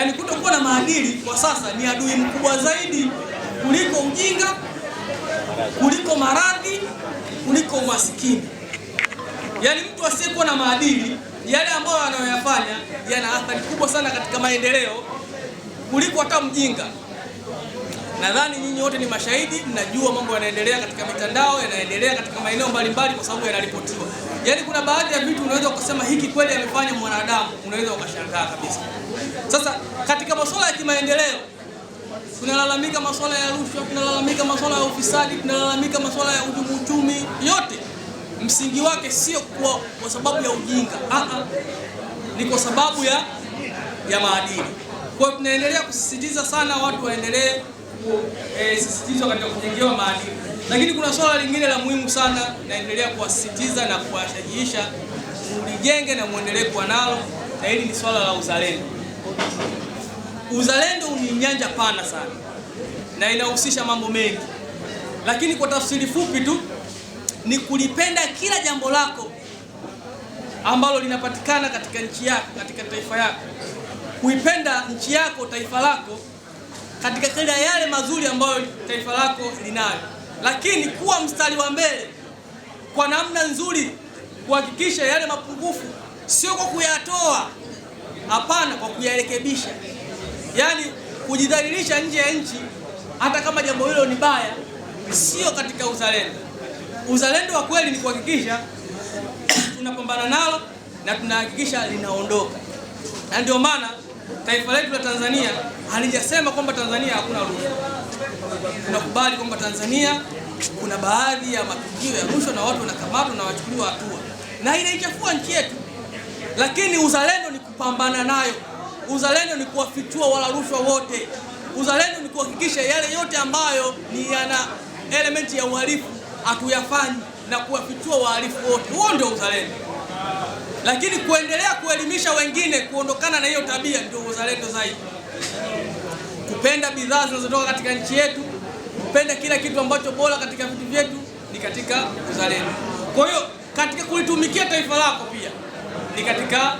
Yaani kutokuwa na maadili kwa sasa ni adui mkubwa zaidi kuliko ujinga, kuliko maradhi, kuliko umasikini. Yaani mtu asiyekuwa na maadili, yale ambayo anayoyafanya yana athari kubwa sana katika maendeleo kuliko hata mjinga. Nadhani nyinyi wote ni mashahidi, mnajua mambo yanaendelea katika mitandao, yanaendelea katika maeneo mbalimbali, kwa sababu yanaripotiwa. Yaani kuna baadhi ya vitu unaweza ukasema hiki kweli amefanya mwanadamu, unaweza ukashangaa kabisa. Sasa katika masuala ya kimaendeleo tunalalamika masuala ya rushwa, tunalalamika masuala ya ufisadi, tunalalamika masuala ya uhujumu uchumi. Yote msingi wake sio kwa, kwa sababu ya ujinga -ah. ni kwa sababu ya ya maadili. Kwa hiyo tunaendelea kusisitiza sana watu waendelee kusisitizwa katika kujengewa maadili. Lakini kuna swala lingine la muhimu sana, naendelea kuwasisitiza na kuwashajiisha ulijenge na muendelee kuwa nalo, na hili ni swala la uzalendo. Uzalendo ni nyanja pana sana na inahusisha mambo mengi, lakini kwa tafsiri fupi tu ni kulipenda kila jambo lako ambalo linapatikana katika nchi yako, katika taifa yako, kuipenda nchi yako, taifa lako katika kila yale mazuri ambayo taifa lako linayo, lakini kuwa mstari wa mbele kwa namna nzuri, kuhakikisha yale mapungufu sio kwa kuyatoa, hapana, kwa kuyarekebisha, yaani kujidhalilisha nje ya nchi, hata kama jambo hilo ni baya, sio katika uzalendo. Uzalendo wa kweli ni kuhakikisha tunapambana nalo na tunahakikisha linaondoka, na ndio maana Taifa letu la Tanzania halijasema kwamba Tanzania hakuna rushwa. Tunakubali kwamba Tanzania kuna baadhi ya matukio ya rushwa na watu wanakamatwa na wachukuliwa hatua, na inaichafua nchi yetu, lakini uzalendo ni kupambana nayo. Uzalendo ni kuwafichua wala rushwa wote. Uzalendo ni kuhakikisha yale yote ambayo ni yana elementi ya uhalifu hatuyafanyi na kuwafichua wahalifu wote. Huo ndio uzalendo lakini kuendelea kuelimisha wengine kuondokana na hiyo tabia ndio uzalendo zaidi. Kupenda bidhaa zinazotoka katika nchi yetu, kupenda kila kitu ambacho bora katika vitu vyetu ni katika uzalendo. Kwa hiyo katika kulitumikia taifa lako pia ni katika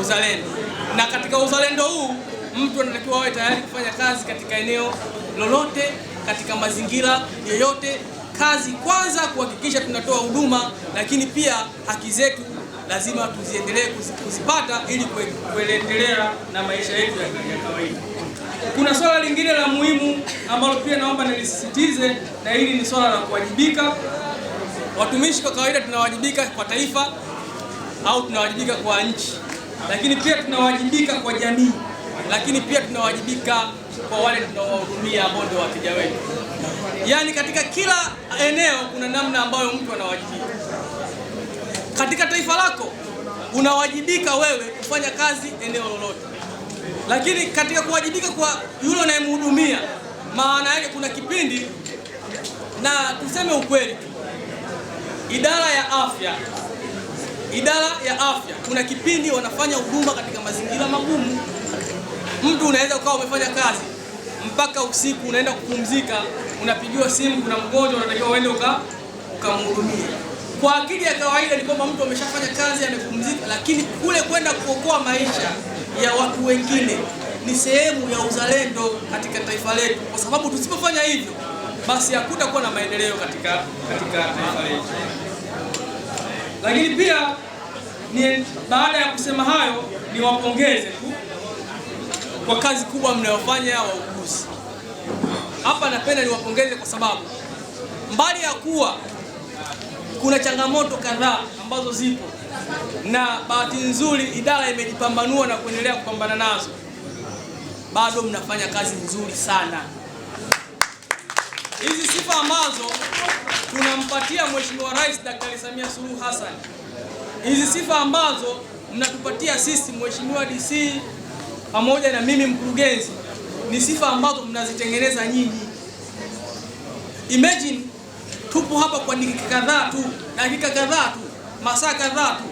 uzalendo, na katika uzalendo huu mtu anatakiwa awe tayari kufanya kazi katika eneo lolote, katika mazingira yoyote. Kazi kwanza, kuhakikisha tunatoa huduma, lakini pia haki zetu lazima tuziendelee kuzipata ili kuendelea na maisha yetu ya kawaida. Kuna swala lingine la muhimu ambalo pia naomba nilisisitize, na hili ni swala la kuwajibika. Watumishi kwa kawaida tunawajibika kwa taifa au tunawajibika kwa nchi, lakini pia tunawajibika kwa jamii, lakini pia tunawajibika kwa wale tunaowahudumia ambao ndio wateja wetu. Yaani katika kila eneo kuna namna ambayo mtu anawajibika katika taifa lako unawajibika wewe kufanya kazi eneo lolote, lakini katika kuwajibika kwa yule unayemhudumia, maana yake kuna kipindi, na tuseme ukweli, idara ya afya, idara ya afya, kuna kipindi wanafanya huduma katika mazingira magumu. Mtu unaweza ukawa umefanya kazi mpaka usiku, unaenda kupumzika, unapigiwa simu, kuna mgonjwa unatakiwa uende ukamhudumia. Kwa akili ya kawaida ni kwamba mtu ameshafanya kazi, amepumzika, lakini kule kwenda kuokoa maisha ya watu wengine ni sehemu ya uzalendo katika taifa letu, kwa sababu tusipofanya hivyo, basi hakutakuwa na maendeleo katika katika taifa letu. Lakini pia ni baada ya kusema hayo, niwapongeze tu kwa kazi kubwa mnayofanya wauguzi hapa. Napenda niwapongeze kwa sababu mbali ya kuwa kuna changamoto kadhaa ambazo zipo na bahati nzuri idara imejipambanua na kuendelea kupambana nazo. Bado mnafanya kazi nzuri sana. Hizi sifa ambazo tunampatia Mheshimiwa Rais Daktari Samia Suluhu Hassan, hizi sifa ambazo mnatupatia sisi Mheshimiwa DC pamoja na mimi mkurugenzi, ni sifa ambazo mnazitengeneza nyinyi. Imagine tupo hapa kwa dakika kadhaa tu, dakika kadhaa tu, masaa kadhaa tu.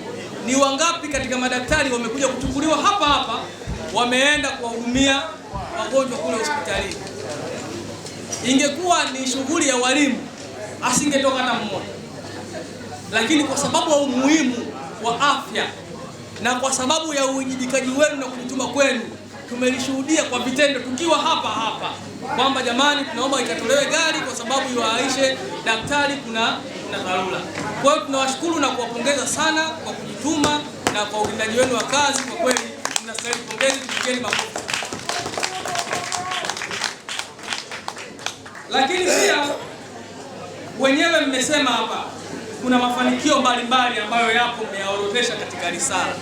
Ni wangapi katika madaktari wamekuja kuchukuliwa hapa hapa, wameenda kuwahudumia wagonjwa kule hospitalini? Ingekuwa ni shughuli ya walimu, asingetoka hata mmoja, lakini kwa sababu ya umuhimu wa afya na kwa sababu ya uwajibikaji wenu na kujituma kwenu tumelishuhudia kwa vitendo tukiwa hapa hapa kwamba jamani, tunaomba ikatolewe gari kwa sababu iwaaishe daktari, kuna na dharura. Kwa hiyo tunawashukuru na kuwapongeza sana kwa kujituma na kwa utendaji wenu wa kazi, kwa kweli tunastahili pongezi, tupigeni makofi. Lakini pia wenyewe mmesema hapa kuna mafanikio mbalimbali ambayo yapo, mmeyaorodhesha katika risala,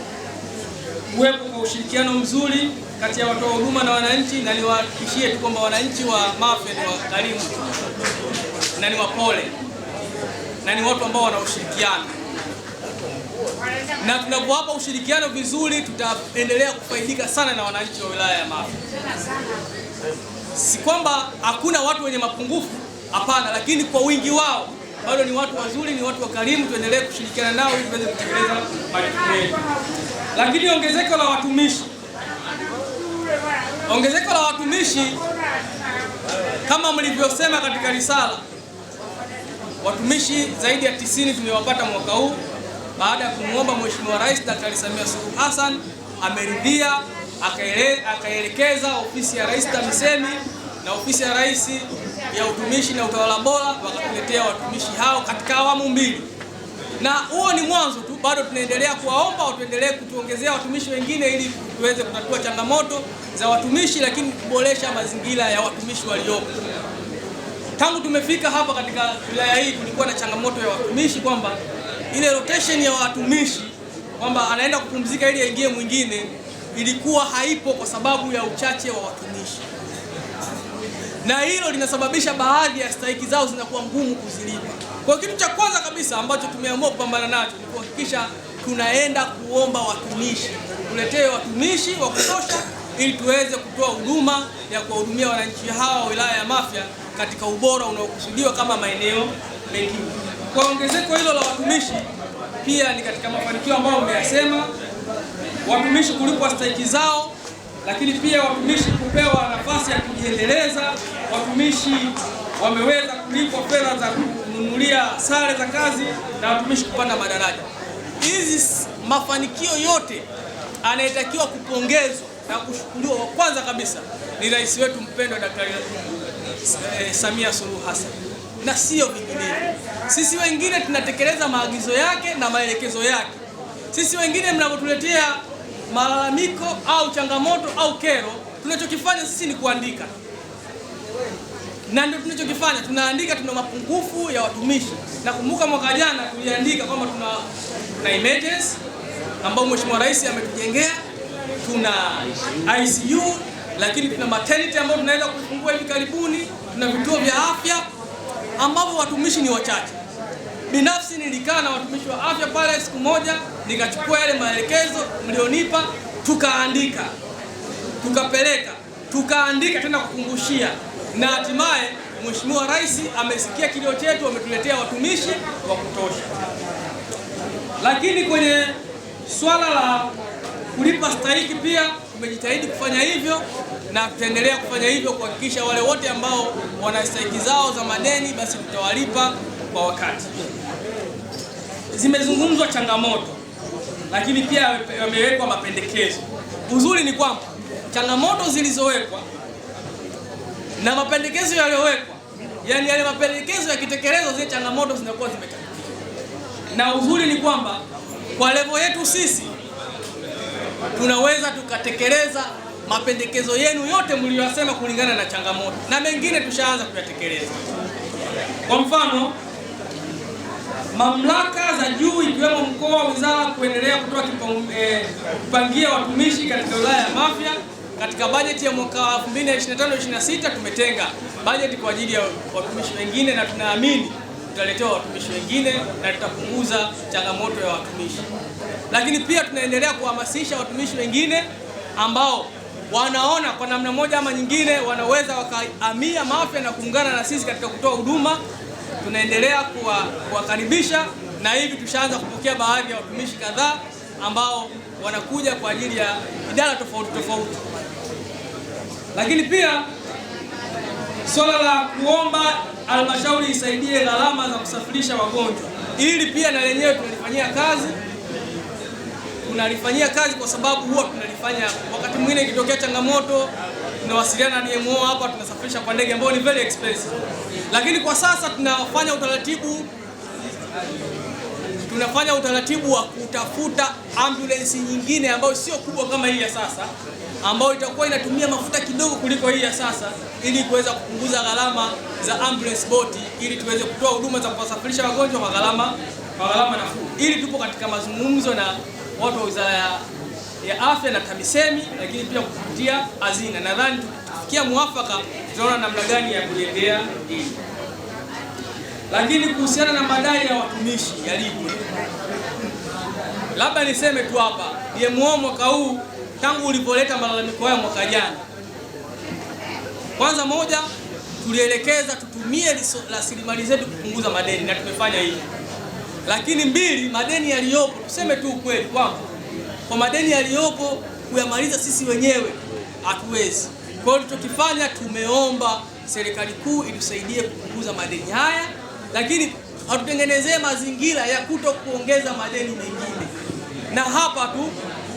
kuwepo kwa ushirikiano mzuri kati ya watoa huduma na wananchi, na niwahakikishie tu kwamba wananchi wa Mafe ni wakarimu na ni wapole na ni watu ambao wana ushirikiano, na tunapowapa ushirikiano vizuri, tutaendelea kufaidika sana na wananchi wa wilaya ya Mafe. Si kwamba hakuna watu wenye mapungufu, hapana, lakini kwa wingi wao bado ni watu wazuri, ni watu wakarimu. Tuendelee kushirikiana nao ili tuweze kutekeleza majukumu yetu. Lakini ongezeko la watumishi Ongezeko la watumishi kama mlivyosema katika risala, watumishi zaidi ya tisini tumewapata mwaka huu baada ya kumwomba Mheshimiwa Rais Daktari Samia Suluhu Hassan, ameridhia akaele, akaelekeza ofisi ya Rais TAMISEMI na ofisi ya Rais ya utumishi na utawala bora wakatuletea watumishi hao katika awamu mbili, na huo ni mwanzo bado tunaendelea kuwaomba watuendelee kutuongezea watumishi wengine ili tuweze kutatua changamoto za watumishi, lakini kuboresha mazingira ya watumishi waliopo. Tangu tumefika hapa katika wilaya hii, kulikuwa na changamoto ya watumishi kwamba ile rotation ya watumishi kwamba anaenda kupumzika ili aingie mwingine ilikuwa haipo kwa sababu ya uchache wa watumishi, na hilo linasababisha baadhi ya stahiki zao zinakuwa ngumu kuzilipa. Kwa kitu cha kwanza kabisa ambacho tumeamua kupambana nacho kisha tunaenda kuomba watumishi, tuletee watumishi wa kutosha ili tuweze kutoa huduma ya kuwahudumia wananchi hawa wa wilaya ya Mafia katika ubora unaokusudiwa kama maeneo mengine. Kwa ongezeko hilo la watumishi, pia ni katika mafanikio ambayo umeyasema, watumishi kulipwa stahiki zao, lakini pia watumishi kupewa nafasi ya kujiendeleza. Watumishi wameweza kulipwa fedha za kununulia sare za kazi na watumishi kupanda madaraja hizi mafanikio yote anayetakiwa kupongezwa na kushukuriwa wa kwanza kabisa ni rais wetu mpendwa Daktari eh, Samia Suluhu Hassan na sio vinginevyo. Sisi wengine tunatekeleza maagizo yake na maelekezo yake. Sisi wengine mnapotuletea malalamiko au changamoto au kero, tunachokifanya sisi ni kuandika, na ndio tunachokifanya, tunaandika. Tuna mapungufu ya watumishi. Nakumbuka mwaka jana tuliandika kwamba tuna na emergency ambao Mheshimiwa Rais ametujengea, tuna ICU, lakini tuna maternity ambayo tunaweza kufungua hivi karibuni, tuna vituo vya afya ambapo watumishi ni wachache. Binafsi nilikaa na watumishi wa afya pale siku moja, nikachukua yale maelekezo mlionipa, tukaandika tukapeleka, tukaandika tena kukumbushia, na hatimaye Mheshimiwa Rais amesikia kilio chetu, ametuletea watumishi wa kutosha. Lakini kwenye swala la kulipa stahiki pia tumejitahidi kufanya hivyo na tutaendelea kufanya hivyo kuhakikisha wale wote ambao wana stahiki zao za madeni basi tutawalipa kwa wakati. Zimezungumzwa changamoto, lakini pia yamewekwa mapendekezo. Uzuri ni kwamba changamoto zilizowekwa na mapendekezo yaliyowekwa, yani yale mapendekezo yakitekelezwa, zile changamoto zinakuwa zime na uzuri ni kwamba kwa levo yetu sisi tunaweza tukatekeleza mapendekezo yenu yote mliyosema kulingana na changamoto, na mengine tushaanza kuyatekeleza. Kwa mfano, mamlaka za juu ikiwemo mkoa, wizara kuendelea kutoa eh, watumishi katika wilaya ya Mafia katika bajeti ya mwaka 2025/26 tumetenga bajeti kwa ajili ya watumishi wengine na tunaamini tutaletea watumishi wengine na tutapunguza changamoto ya watumishi. Lakini pia tunaendelea kuhamasisha watumishi wengine ambao wanaona kwa namna moja ama nyingine wanaweza wakahamia Mafia na kuungana na sisi katika kutoa huduma. Tunaendelea kuwakaribisha na hivi tushaanza kupokea baadhi ya watumishi kadhaa ambao wanakuja kwa ajili ya idara tofauti tofauti, lakini pia Swala la kuomba halmashauri isaidie gharama za kusafirisha wagonjwa, ili pia na lenyewe tunalifanyia kazi, tunalifanyia kazi kwa sababu huwa tunalifanya. Wakati mwingine ikitokea changamoto, tunawasiliana na DMO hapa, tunasafirisha kwa ndege ambayo ni very expensive, lakini kwa sasa tunafanya utaratibu tunafanya utaratibu wa kutafuta ambulensi nyingine ambayo sio kubwa kama hii ya sasa ambayo itakuwa inatumia mafuta kidogo kuliko hii ya sasa, ili kuweza kupunguza gharama za ambulance boti, ili tuweze kutoa huduma za kuwasafirisha wagonjwa kwa gharama kwa gharama nafuu. Ili tupo katika mazungumzo na watu wa Wizara ya, ya Afya na TAMISEMI, lakini pia kupitia hazina. Nadhani tukifikia mwafaka, tutaona namna gani ya kuliendea hili. Lakini kuhusiana na madai ya watumishi yalipwe, labda niseme tu hapa DMO mwaka huu tangu ulipoleta malalamiko hayo mwaka jana. Kwanza moja, tulielekeza tutumie rasilimali zetu kupunguza madeni na tumefanya hivyo, lakini mbili, madeni yaliyopo, tuseme tu ukweli kwamba kwa madeni yaliyopo kuyamaliza sisi wenyewe hatuwezi. Kwa hiyo tulichokifanya, tumeomba serikali kuu itusaidie kupunguza madeni haya, lakini hatutengenezee mazingira ya kuto kuongeza madeni mengine, na hapa tu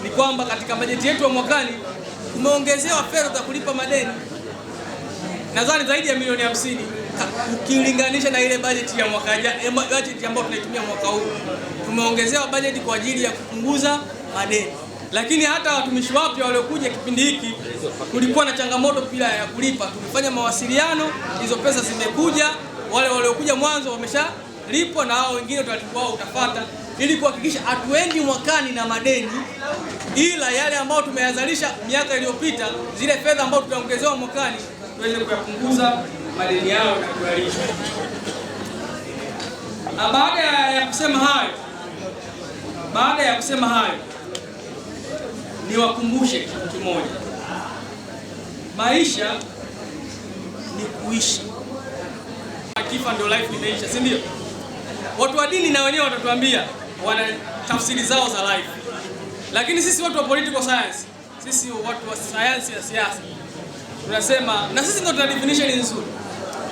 ni kwamba katika bajeti yetu ya mwakani tumeongezewa fedha za kulipa madeni nadhani zaidi ya milioni hamsini ukilinganisha na ile bajeti ya mwaka eh, bajeti ambayo tunaitumia mwaka huu. Tumeongezewa bajeti kwa ajili ya kupunguza madeni, lakini hata watumishi wapya waliokuja kipindi hiki kulikuwa na changamoto pia ya kulipa. Tumefanya mawasiliano, hizo pesa zimekuja, wale waliokuja mwanzo wameshalipwa na hao wengine utaratibu wao utafata ili kuhakikisha hatuendi mwakani na madeni, ila yale ambayo tumeyazalisha miaka iliyopita, zile fedha ambazo tutaongezewa mwakani tuweze kuyapunguza madeni yao na kualisha. Baada ya kusema hayo, baada ya kusema hayo, niwakumbushe kitu kimoja, maisha ni kuishi. Akifa ndio life inaisha, si ndio? Watu wa dini na wenyewe watatuambia wana tafsiri zao za life, lakini sisi watu wa political science, sisi watu wa sayansi ya siasa tunasema, na sisi ndio tuna definition nzuri,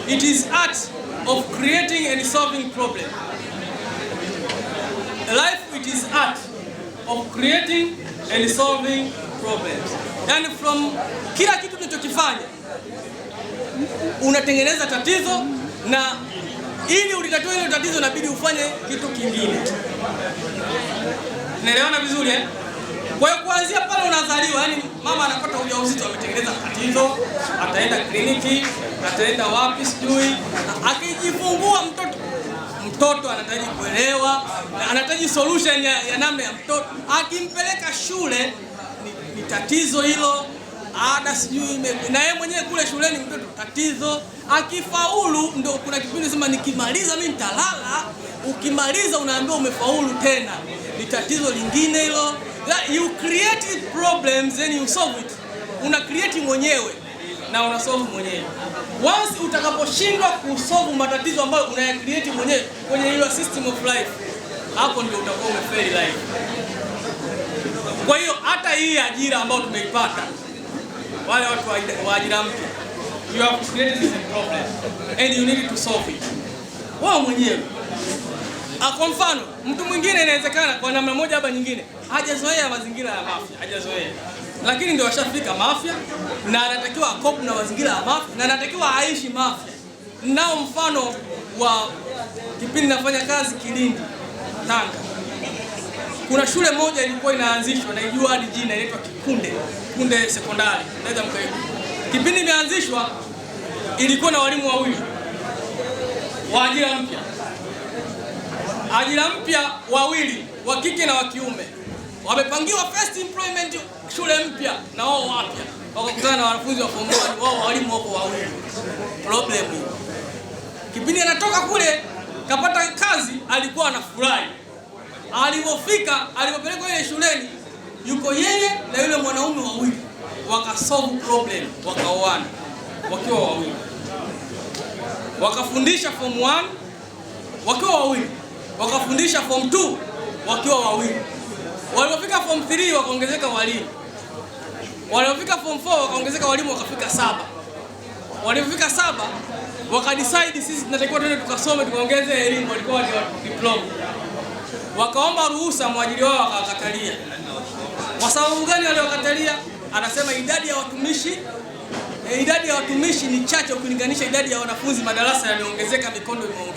it is art of creating and solving problem. Life it is art of creating and solving problems. Yani from kila kitu tunachokifanya unatengeneza tatizo na ili ulitatue hilo tatizo inabidi ufanye kitu kingine. Naelewana vizuri eh? Kwa hiyo kuanzia pale unazaliwa, yani mama anapata ujauzito ametengeneza tatizo, ataenda kliniki, ataenda wapi sijui, akijifungua mtoto mtoto anahitaji kuelewa, anahitaji solution ya, ya namna ya mtoto. Akimpeleka shule ni, ni tatizo hilo, ada sijui, na yeye mwenyewe kule shuleni mtoto tatizo. Akifaulu, ndio kuna kipindi sema nikimaliza mimi nitalala Ukimaliza unaambiwa umefaulu tena. Ni tatizo lingine hilo. You create problems then you solve it. Una create mwenyewe na una solve mwenyewe. Once utakaposhindwa kusolve matatizo ambayo una create mwenyewe kwenye hiyo system of life, hapo ndio utakuwa umefeli life. Kwa hiyo hata hii ajira ambayo tumeipata wale watu wa ajira mpya, you have created this problem and you need to solve it. wewe mwenyewe Ah, kwa mfano mtu mwingine inawezekana kwa namna moja hapa nyingine hajazoea mazingira ya Mafia, hajazoea lakini ndio ashafika Mafia na anatakiwa akopu na mazingira ya Mafia na anatakiwa aishi Mafia. Nao mfano wa kipindi nafanya kazi Kilindi, Tanga, kuna shule moja ilikuwa inaanzishwa, ijua hadi jina, inaitwa Kikunde Kunde Sekondari, naweza mkaibu Kipindi imeanzishwa ilikuwa na walimu wawili wa ajira mpya Ajira mpya wawili wa kike na wa kiume wamepangiwa first employment shule mpya na wao wapya, wakakutana na wanafunzi wa form 1 wao walimu wako wawili. Problem kipindi anatoka kule kapata kazi, alikuwa anafurahi. Alipofika, alipopelekwa ile shuleni, yuko yeye na yule mwanaume wawili, wakasolve problem, wakaoana wakiwa wawili, wakafundisha form 1 wakiwa wawili nilifundisha form 2 wakiwa wawili, waliofika form 3 wakaongezeka walimu, waliofika form 4 wakaongezeka walimu, wakafika saba. Walipofika saba wakadecide sisi tunatakiwa tuende tukasome tukaongeze elimu, walikuwa ni diploma. Wakaomba ruhusa, mwajili wao wakawakatalia. Kwa sababu gani waliwakatalia? Anasema idadi ya watumishi eh, idadi ya watumishi ni chache ukilinganisha idadi ya wanafunzi, madarasa yameongezeka, mikondo imeongezeka.